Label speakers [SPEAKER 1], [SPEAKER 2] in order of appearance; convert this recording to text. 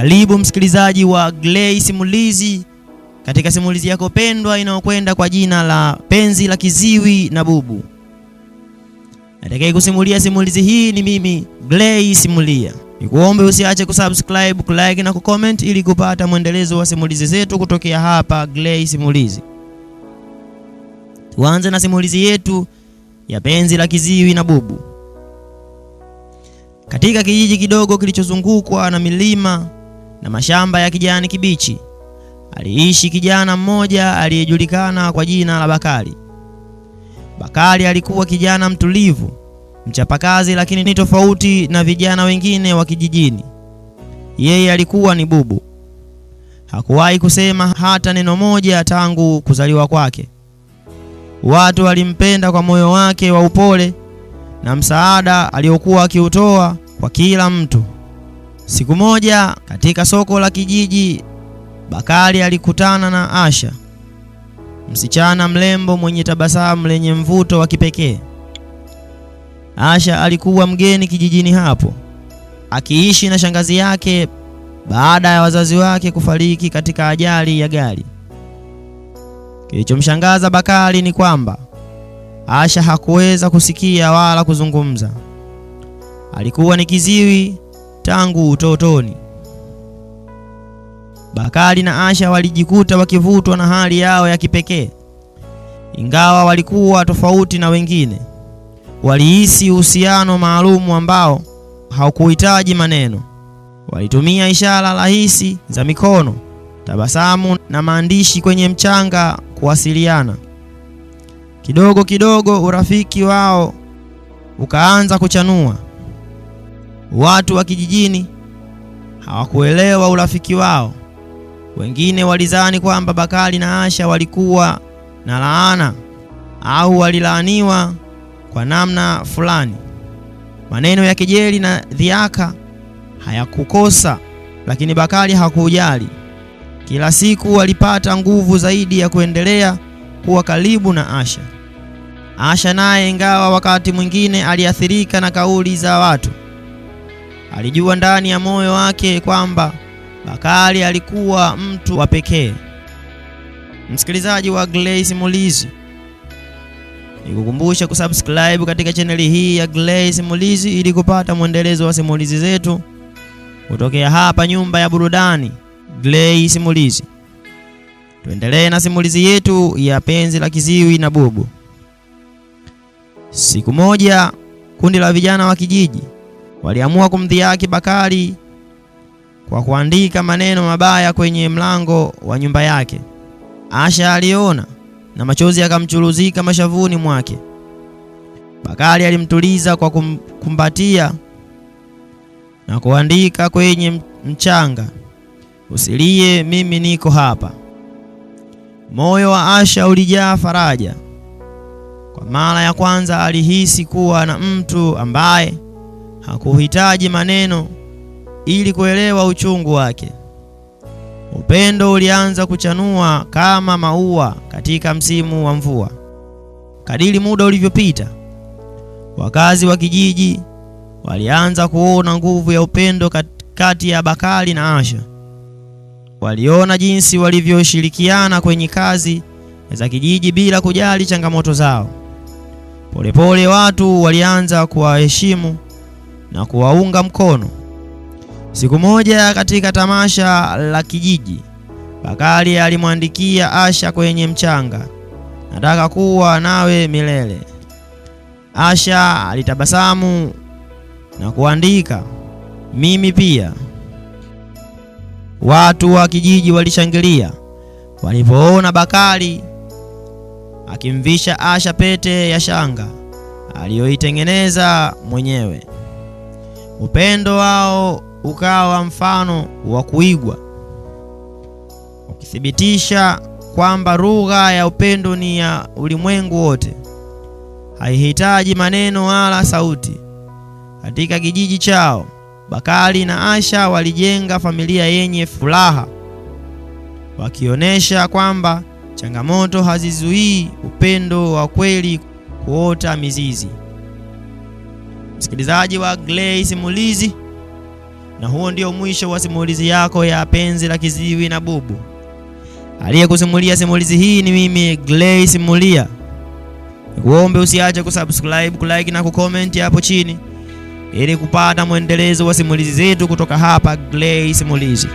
[SPEAKER 1] Karibu msikilizaji wa Gray Simulizi katika simulizi yako pendwa inayokwenda kwa jina la Penzi la Kiziwi na Bubu. Natakaye kusimulia simulizi hii ni mimi Gray Simulia. Nikuombe usiache kusubscribe, kulike na kucomment ili kupata mwendelezo wa simulizi zetu kutokea hapa Gray Simulizi. Tuanze na simulizi yetu ya Penzi la Kiziwi na Bubu. Katika kijiji kidogo kilichozungukwa na milima na mashamba ya kijani kibichi, aliishi kijana mmoja aliyejulikana kwa jina la Bakari. Bakari alikuwa kijana mtulivu, mchapakazi, lakini ni tofauti na vijana wengine wa kijijini. Yeye alikuwa ni bubu. Hakuwahi kusema hata neno moja tangu kuzaliwa kwake. Watu walimpenda kwa moyo wake wa upole na msaada aliokuwa akiutoa kwa kila mtu. Siku moja katika soko la kijiji, Bakari alikutana na Asha, msichana mrembo mwenye tabasamu lenye mvuto wa kipekee. Asha alikuwa mgeni kijijini hapo, akiishi na shangazi yake baada ya wazazi wake kufariki katika ajali ya gari. Kilichomshangaza Bakari ni kwamba Asha hakuweza kusikia wala kuzungumza. Alikuwa ni kiziwi tangu utotoni. Bakari na Asha walijikuta wakivutwa na hali yao ya kipekee. Ingawa walikuwa tofauti na wengine, walihisi uhusiano maalumu ambao haukuhitaji maneno. Walitumia ishara rahisi za mikono, tabasamu na maandishi kwenye mchanga kuwasiliana. Kidogo kidogo urafiki wao ukaanza kuchanua. Watu wa kijijini hawakuelewa urafiki wao. Wengine walidhani kwamba Bakari na Asha walikuwa na laana au walilaaniwa kwa namna fulani. Maneno ya kejeli na dhiaka hayakukosa, lakini Bakari hakujali. Kila siku alipata nguvu zaidi ya kuendelea kuwa karibu na Asha. Asha naye, ingawa wakati mwingine aliathirika na kauli za watu, Alijua ndani ya moyo wake kwamba Bakari alikuwa mtu wa pekee. Msikilizaji wa Gray Simulizi, nikukumbusha kusubscribe katika chaneli hii ya Gray Simulizi ili kupata mwendelezo wa simulizi zetu kutokea hapa nyumba ya burudani Gray Simulizi. Tuendelee na simulizi yetu ya penzi la kiziwi na bubu. Siku moja kundi la vijana wa kijiji waliamua kumdhihaki Bakari kwa kuandika maneno mabaya kwenye mlango wa nyumba yake. Asha aliona na machozi yakamchuruzika mashavuni mwake. Bakari alimtuliza kwa kumkumbatia na kuandika kwenye mchanga, usilie, mimi niko hapa. Moyo wa Asha ulijaa faraja. Kwa mara ya kwanza alihisi kuwa na mtu ambaye hakuhitaji maneno ili kuelewa uchungu wake. Upendo ulianza kuchanua kama maua katika msimu wa mvua. Kadiri muda ulivyopita, wakazi wa kijiji walianza kuona nguvu ya upendo kati ya Bakari na Asha. Waliona jinsi walivyoshirikiana kwenye kazi za kijiji bila kujali changamoto zao. Polepole pole watu walianza kuwaheshimu na kuwaunga mkono. Siku moja katika tamasha la kijiji, Bakari alimwandikia Asha kwenye mchanga, nataka kuwa nawe milele. Asha alitabasamu na kuandika mimi pia. Watu wa kijiji walishangilia walipoona Bakari akimvisha Asha pete ya shanga aliyoitengeneza mwenyewe. Upendo wao ukawa mfano wa kuigwa, ukithibitisha kwamba lugha ya upendo ni ya ulimwengu wote, haihitaji maneno wala sauti. Katika kijiji chao, bakali na Asha walijenga familia yenye furaha, wakionyesha kwamba changamoto hazizuii upendo wa kweli kuota mizizi. Msikilizaji wa Gray Simulizi, na huo ndio mwisho wa simulizi yako ya Penzi la Kiziwi na Bubu. Aliyekusimulia simulizi hii ni mimi Gray Simulia. Nikuombe usiache kusubscribe, kulike na kucomment hapo chini ili kupata mwendelezo wa simulizi zetu kutoka hapa Gray Simulizi.